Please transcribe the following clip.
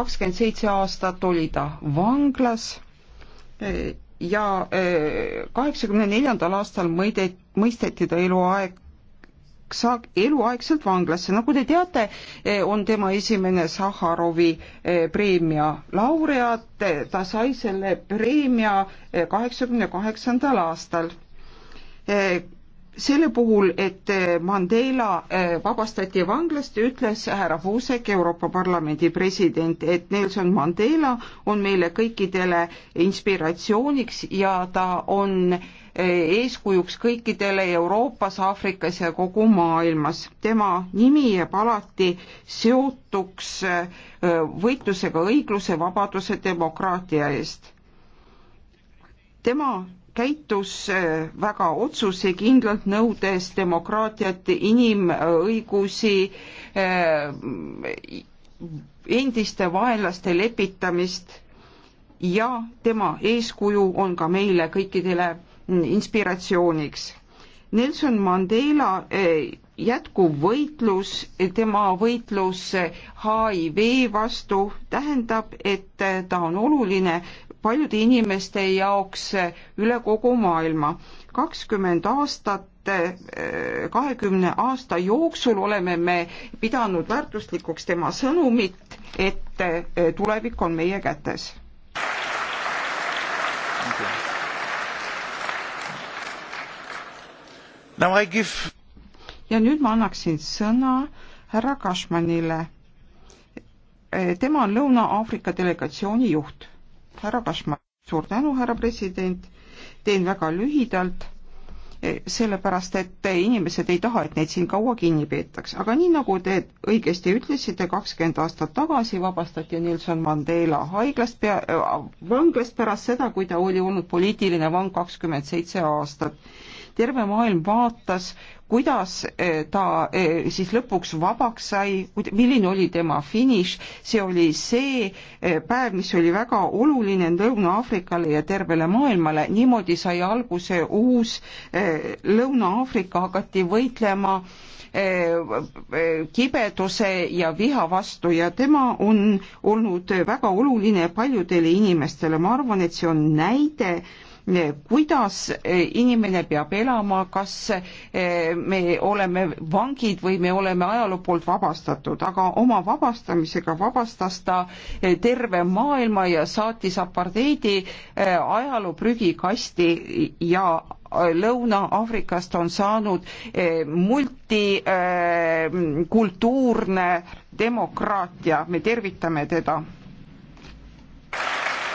kakskümmend seitse aastat oli ta vanglas eh, ja eh, kaheksakümne neljandal aastal mõide, mõisteti ta eluaeg, eluaegselt vanglasse, nagu te teate, eh, on tema esimene Saharovi preemia laureaat, ta sai selle preemia kaheksakümne kaheksandal aastal selle puhul, et eh, Mandela eh, vabastati vanglast, ütles härra Vuusek, Euroopa Parlamendi president, et Nelson Mandela on meile kõikidele inspiratsiooniks ja ta on eh, eeskujuks kõikidele Euroopas, Aafrikas ja kogu maailmas. tema nimi jääb alati seotuks võitlusega õigluse, vabaduse, demokraatia eest. tema käitus äh, väga otsusekindlalt, nõudes demokraatiat, inimõigusi, äh, endiste vaenlaste lepitamist ja tema eeskuju on ka meile kõikidele inspiratsiooniks. Nelson Mandela äh, jätkuv võitlus, tema võitlus HIV vastu tähendab, et ta on oluline paljude inimeste jaoks üle kogu maailma. kakskümmend aastat, kahekümne aasta jooksul oleme me pidanud väärtuslikuks tema sõnumit, et tulevik on meie kätes. Give... ja nüüd ma annaksin sõna härra Kašmanile. tema on Lõuna-Aafrika delegatsiooni juht härra Kašma. suur tänu, härra president. teen väga lühidalt, e, sellepärast et inimesed ei taha, et neid siin kaua kinni peetakse, aga nii nagu te õigesti ütlesite, kakskümmend aastat tagasi vabastati Nelson Mandela haiglast pea, äh, vanglast pärast seda, kui ta oli olnud poliitiline vang kakskümmend seitse aastat terve maailm vaatas, kuidas eh, ta eh, siis lõpuks vabaks sai, milline oli tema finiš, see oli see eh, päev, mis oli väga oluline Lõuna-Aafrikale ja tervele maailmale, niimoodi sai alguse uus Lõuna-Aafrika, hakati võitlema kibeduse ja viha vastu ja tema on olnud väga oluline paljudele inimestele, ma arvan, et see on näide kuidas e, inimene peab elama, kas e, me oleme vangid või me oleme ajaloo poolt vabastatud, aga oma vabastamisega vabastas ta e, terve maailma ja saatis aparteidi ajaloo prügikasti ja Lõuna-Aafrikast on saanud multikultuurne demokraatia, me tervitame teda